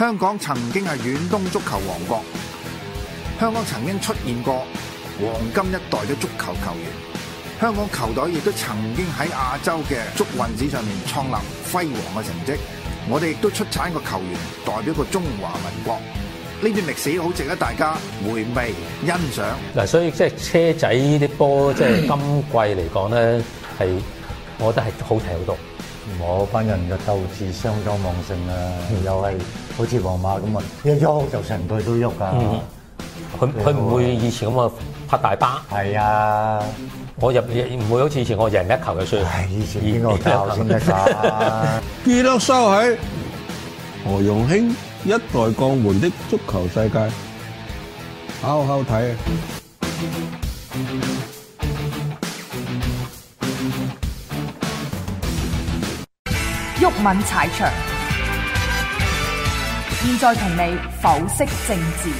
香港曾經係遠東足球王國，香港曾經出現過黃金一代嘅足球球員，香港球隊亦都曾經喺亞洲嘅足運史上面創立輝煌嘅成績。我哋亦都出產個球員代表過中華民國，呢段歷史好值得大家回味欣賞。嗱，所以即係車仔啲波，即係今季嚟講咧，係、嗯、我覺得係好睇好多。我班人嘅鬥志相當旺盛啊！又係、嗯、好似皇馬咁啊，一喐就成隊都喐啊！佢佢唔會以前咁啊拍大巴。係啊，我入亦唔會好似以前我一人一球嘅衰。係以前邊個教先得㗎？記得收起何容興一代降門的足球世界，好好睇啊！毓民踩場，現在同你剖析政治。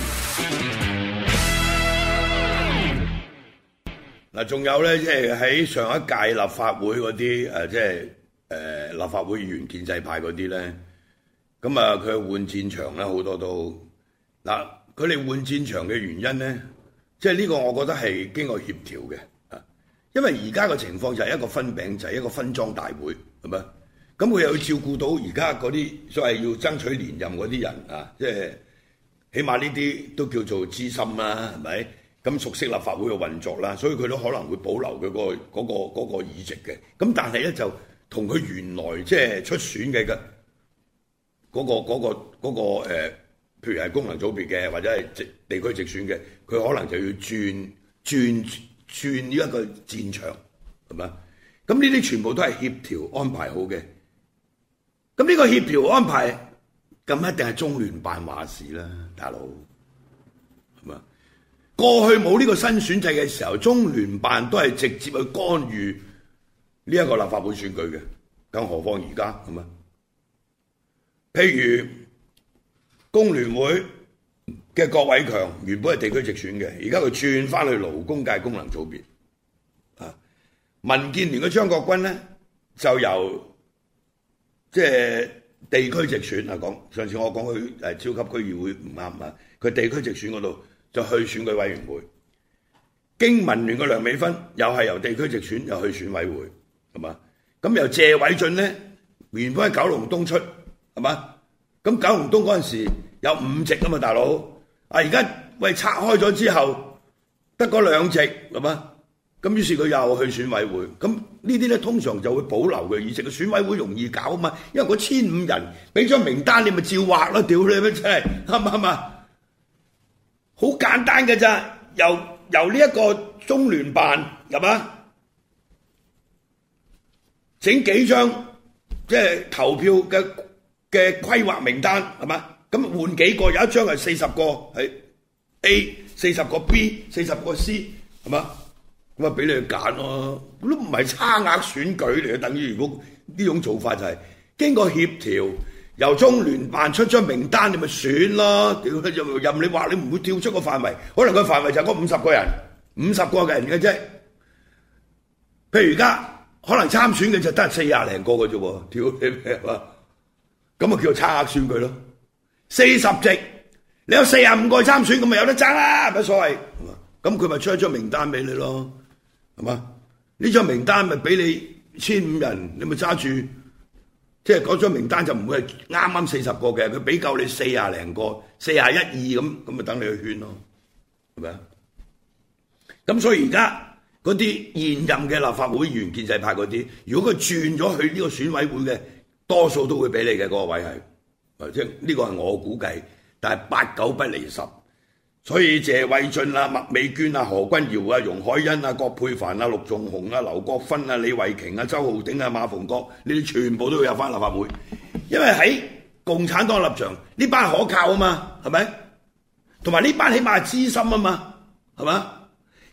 嗱，仲有咧，即係喺上一屆立法會嗰啲誒，即係誒立法會議員建制派嗰啲咧，咁啊佢換戰場咧，好多都嗱，佢哋換戰場嘅原因咧，即係呢個我覺得係經過協調嘅啊，因為而家嘅情況就係一個分餅就係、是、一個分贓大會，係咪？咁佢又要照顧到而家嗰啲所謂要爭取連任嗰啲人啊，即係起碼呢啲都叫做資深啦、啊，係咪？咁熟悉立法會嘅運作啦、啊，所以佢都可能會保留佢個嗰個嗰個議席嘅。咁但係咧就同佢原來即係出選嘅嗰個嗰個嗰個譬、呃、如係功能組別嘅或者係直地區直選嘅，佢可能就要轉轉轉呢一個戰場，係咪？咁呢啲全部都係協調安排好嘅。咁呢個協調安排咁一定係中聯辦話事啦，大佬，係嘛？過去冇呢個新選制嘅時候，中聯辦都係直接去干預呢一個立法會選舉嘅，更何況而家咁啊？譬如工聯會嘅郭偉強原本係地區直選嘅，而家佢轉翻去勞工界功能組別啊！民建聯嘅張國軍呢，就由即係地區直選啊！講上次我講佢係超級區議會唔啱啊！佢地區直選嗰度就去選舉委員會，經民聯個梁美芬又係由地區直選又去選委會，係嘛？咁由謝偉俊咧，原本喺九龍東出，係嘛？咁九龍東嗰陣時有五席噶嘛，大佬啊！而家喂拆開咗之後，得嗰兩席，係嘛？咁於是佢又去選委會，咁呢啲咧通常就會保留嘅，而且個選委會容易搞啊嘛，因為嗰千五人俾張名單，你咪照畫咯，屌你乜柒，啱唔啱啊？好簡單嘅咋，由由呢一個中聯辦係嘛？整幾張即係投票嘅嘅規劃名單係嘛？咁換幾個有一張係四十個係 A，四十個 B，四十個 C 係嘛？咁俾你去揀咯，都唔係差額選舉嚟嘅，等於如果呢種做法就係、是、經過協調，由中聯辦出張名單，你咪選咯。屌任任你話，你唔會跳出個範圍，可能個範圍就係嗰五十個人，五十個嘅人嘅啫。譬如而家可能參選嘅就得四廿零個嘅啫，跳你咩話？咁咪叫做差額選舉咯。四十席，你有四十五個參選，咁咪有得爭啦，冇所謂。咁佢咪出一張名單俾你咯。係嘛？呢張名單咪俾你千五人，你咪揸住。即係嗰張名單就唔會係啱啱四十個嘅，佢俾夠你四廿零個、四廿一二咁，咁咪等你去圈咯，係咪啊？咁所以而家嗰啲現任嘅立法會議員建制派嗰啲，如果佢轉咗去呢個選委會嘅，多數都會俾你嘅嗰、那個位係，即係呢個係我估計，但係八九不離十。所以謝偉俊啊、麥美娟啊、何君堯啊、容海恩啊、郭佩凡啊、陸頌雄啊、劉國芬啊、李慧瓊啊、周浩鼎啊、馬逢國，呢啲全部都要有翻立法會，因為喺共產黨立場呢班可靠啊嘛，係咪？同埋呢班起碼係資深啊嘛，係嘛？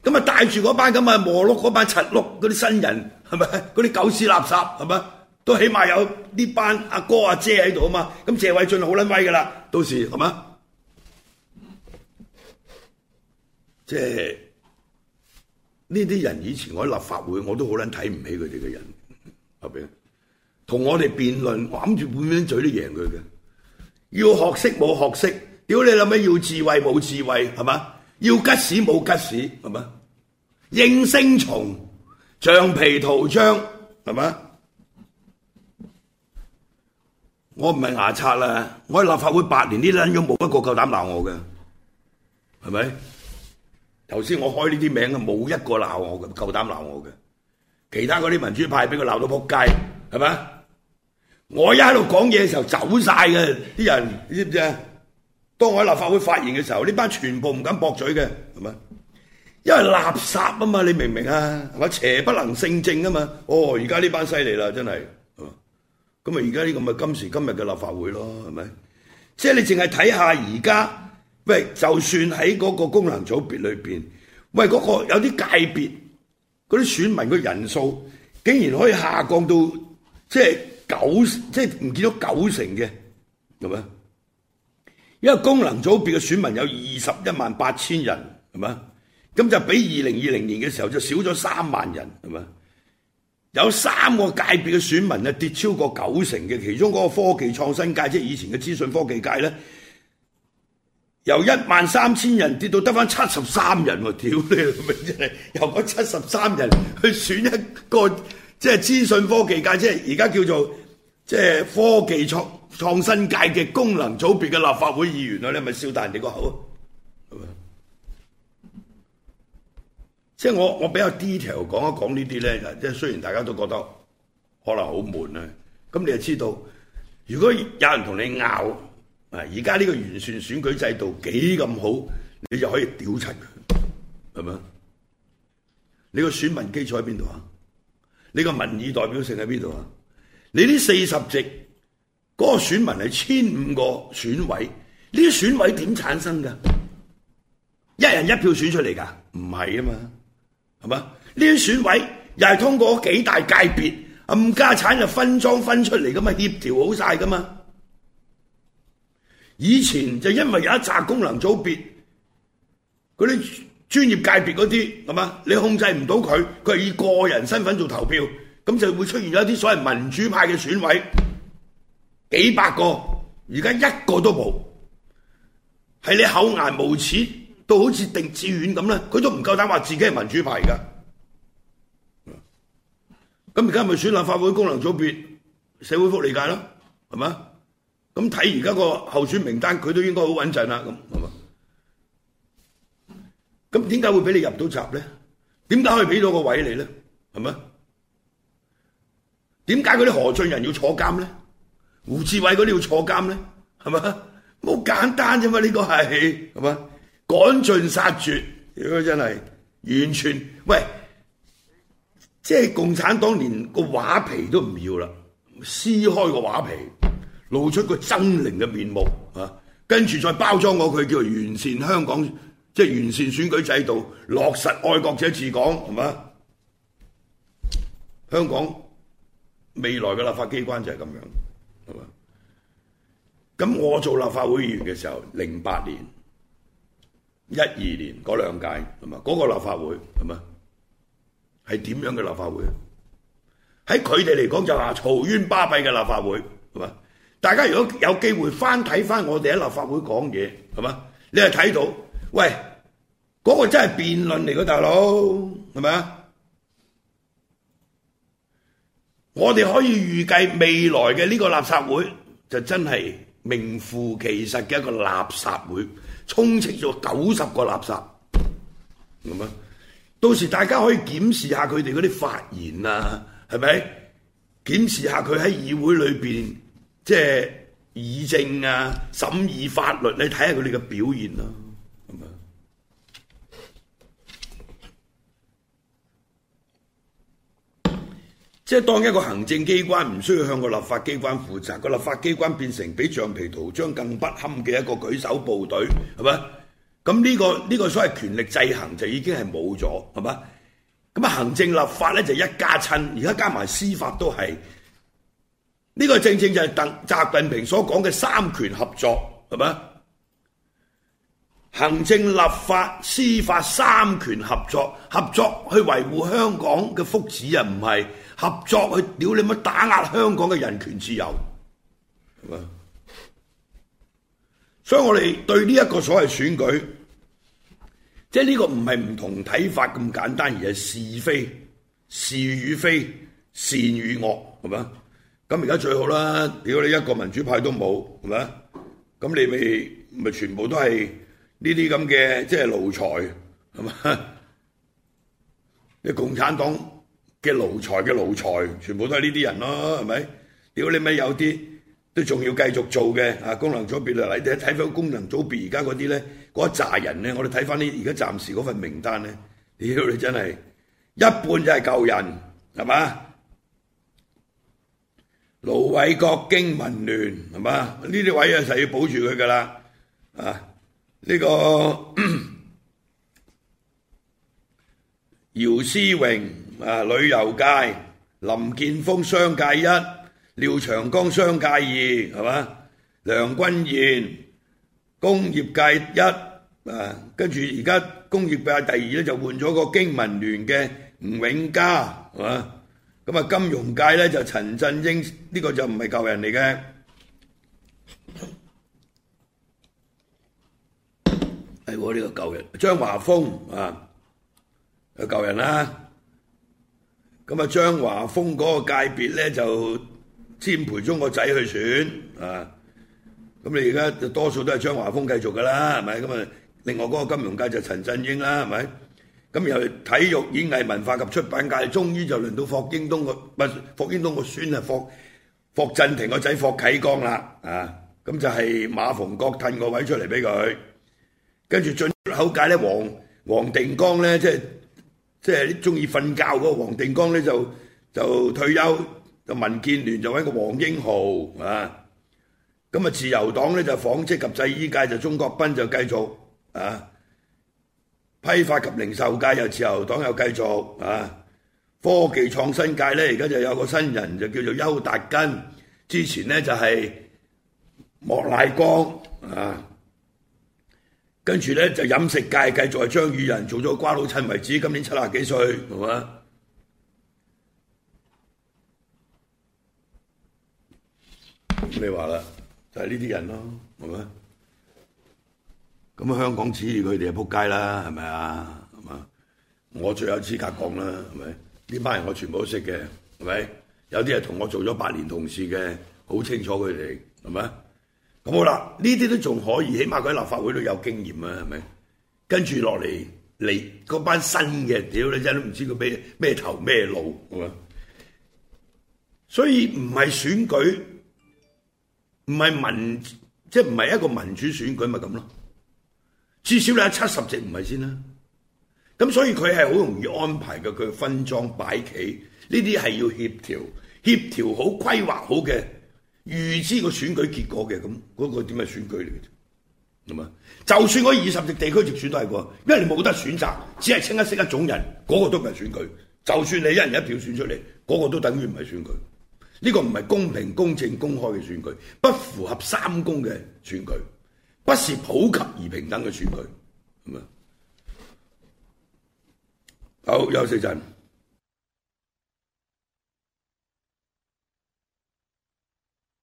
咁啊帶住嗰班咁啊磨碌嗰班柒碌嗰啲新人，係咪？嗰啲狗屎垃圾，係嘛？都起碼有呢班阿哥阿姐喺度啊嘛，咁謝偉俊好捻威噶啦，到時係嘛？是即係呢啲人以前我喺立法會，我都好捻睇唔起佢哋嘅人，後邊同我哋辯論，揞住半邊嘴都贏佢嘅。要學識冇學識，屌你諗乜？要智慧冇智慧，係嘛？要吉屎冇吉屎，係嘛？應聲蟲、橡皮圖章，係嘛？我唔係牙刷啦，我喺立法會八年，呢啲撚樣冇一個夠膽鬧我嘅，係咪？頭先我開呢啲名啊，冇一個鬧我嘅，夠膽鬧我嘅。其他嗰啲民主派俾佢鬧到扑街，係咪啊？我一喺度講嘢嘅時候走晒嘅，啲人知唔知啊？當我喺立法會發言嘅時候，呢班全部唔敢駁嘴嘅，係咪？因為垃圾啊嘛，你明唔明啊？係咪邪不能勝正啊嘛？哦，而家呢班犀利啦，真係。咁啊，而家呢個咪今時今日嘅立法會咯，係咪？即係你淨係睇下而家。喂，就算喺嗰個功能組別裏邊，喂嗰個有啲界別嗰啲選民嘅人數，竟然可以下降到即係九即係唔見到九成嘅，係咪？因為功能組別嘅選民有二十一萬八千人，係咪？咁就比二零二零年嘅時候就少咗三萬人，係咪？有三個界別嘅選民就跌超過九成嘅，其中嗰個科技創新界，即係以前嘅資訊科技界咧。由一萬三千人跌到得翻七十三人喎，屌你！咪即係由嗰七十三人去選一個即係、就是、資訊科技界，即係而家叫做即係、就是、科技創，創新界嘅功能組別嘅立法會議員，你咪笑大人哋個口啊！即係、就是、我我比較 detail 講一講呢啲咧，即係雖然大家都覺得可能好悶啊，咁你就知道，如果有人同你拗。啊！而家呢個完善選舉制度幾咁好，你就可以屌柒佢，係咪？你個選民基礎喺邊度啊？你個民意代表性喺邊度啊？你呢四十席，嗰、嗰個選民係千五個選委，呢啲選委點產生㗎？一人一票選出嚟㗎？唔係啊嘛，係嘛？呢啲選委又係通過幾大界別、冚家產就分贓分出嚟㗎嘛，協調好晒㗎嘛。以前就因為有一紮功能組別，嗰啲專業界別嗰啲咁啊，你控制唔到佢，佢係以個人身份做投票，咁就會出現咗一啲所謂民主派嘅選委，幾百個，而家一個都冇，係你厚顏無恥到好似狄志遠咁咧，佢都唔夠膽話自己係民主派噶。咁而家咪選立法會功能組別社會福利界咯，係咪啊？咁睇而家個候選名單，佢都應該好穩陣啦。咁係嘛？咁點解會俾你入到閘咧？點解可以俾到個位你咧？係咪？點解嗰啲何俊仁要坐監咧？胡志偉嗰啲要坐監咧？係咪？好簡單啫嘛？呢個係，係嘛？趕盡殺絕，如果真係完全喂，即係共產黨連個畫皮都唔要啦，撕開個畫皮。露出個猙獰嘅面目啊！跟住再包裝過佢，叫做完善香港，即係完善選舉制度，落實愛國者治港，係嘛？香港未來嘅立法機關就係咁樣，係嘛？咁我做立法會議員嘅時候，零八年、一二年嗰兩屆，係嘛？嗰個立法會係嘛？係點樣嘅立法會？喺佢哋嚟講就話嘈冤巴閉嘅立法會，係嘛？大家如果有機會翻睇翻我哋喺立法會講嘢，係嘛？你係睇到，喂，嗰個真係辯論嚟嘅大佬，係咪啊？我哋可以預計未來嘅呢個垃圾會就真係名副其實嘅一個垃圾會，充斥咗九十個垃圾。係嘛？到時大家可以檢視下佢哋嗰啲發言啊，係咪？檢視下佢喺議會裏邊。即係議政啊，審議法律，你睇下佢哋嘅表現咯。咁啊，係咪？即係當一個行政機關唔需要向個立法機關負責，個立法機關變成比橡皮圖章更不堪嘅一個舉手部隊，係咪？咁呢個呢個所謂權力制衡就已經係冇咗，係咪？咁啊，行政立法咧就一家親，而家加埋司法都係。呢個正正就係鄧習近平所講嘅三權合作，係咪啊？行政、立法、司法三權合作，合作去維護香港嘅福祉啊？唔係合作去屌你乜打壓香港嘅人權自由，係咪啊？所以我哋對呢一個所謂選舉，即係呢個唔係唔同睇法咁簡單，而係是非、是與非、善與惡，係咪啊？咁而家最好啦！如果你一個民主派都冇，係咪？咁你咪咪全部都係呢啲咁嘅，即係奴才，係嘛？啲共產黨嘅奴才嘅奴才，全部都係呢啲人咯，係咪？如果你咪有啲都仲要繼續做嘅啊！功能組別啦，你睇翻功能組別而家嗰啲咧，嗰一紮人咧，我哋睇翻啲而家暫時嗰份名單咧，屌你真係一半就係舊人，係嘛？盧偉國經民聯係嘛？呢啲位啊，就要保住佢噶啦。啊，呢個姚思榮啊，旅遊界林健鋒商界一，廖長江商界二係嘛？梁君彥工業界一啊，跟住而家工業界第二咧就換咗個經民聯嘅吳永嘉係嘛？咁啊，金融界咧就陳振英呢、呢個就唔係舊人嚟嘅，哎，係喎呢個舊人，張華峰啊，啊舊人、啊、啦。咁啊，張華峰嗰個界別咧就詹培忠個仔去選啊。咁你而家多數都係張華峰繼續噶啦，係咪？咁啊，另外嗰個金融界就陳振英啦，係咪？咁又體育演藝文化及出版界，終於就輪到霍英東個，唔係霍英東個孫啊，霍霍震霆個仔霍啟剛啦，啊，咁就係馬逢國褪個位出嚟俾佢，跟住進出口界咧，黃黃定光咧，即係即係啲中意瞓覺嗰個黃定光咧，就就退休，就民建聯就揾個黃英豪啊，咁啊自由黨咧就紡織及製衣界就鍾國斌就繼續啊。批發及零售界又自由黨又繼續啊，科技創新界咧而家就有個新人就叫做邱達根，之前咧就係、是、莫乃光啊，跟住咧就飲食界繼續係張宇人做咗瓜老襯為止，今年七十幾歲，係嘛？咁、嗯、你話啦，就係呢啲人咯，係嘛？咁香港指望佢哋就扑街啦，係咪啊？係嘛？我最有資格講啦，係咪？呢班人我全部都識嘅，係咪？有啲係同我做咗八年同事嘅，好清楚佢哋，係咪？咁好啦，呢啲都仲可以，起碼佢喺立法會都有經驗啊，係咪？跟住落嚟，嚟嗰班新嘅，屌你真都唔知佢咩咩頭咩路咁啊！所以唔係選舉，唔係民，即係唔係一個民主選舉，咪咁咯？至少你有七十席唔係先啦，咁所以佢係好容易安排嘅，佢分贓擺棋呢啲係要協調，協調好規劃好嘅，預知個選舉結果嘅咁嗰個點係選舉嚟嘅，就算嗰二十席地區直選都係喎，因為你冇得選擇，只係清一色一種人，嗰、那個都唔係選舉。就算你一人一票選出嚟，嗰、那個都等於唔係選舉，呢、這個唔係公平、公正、公開嘅選舉，不符合三公嘅選舉。不是普及而平等嘅選舉，好，休息一陣。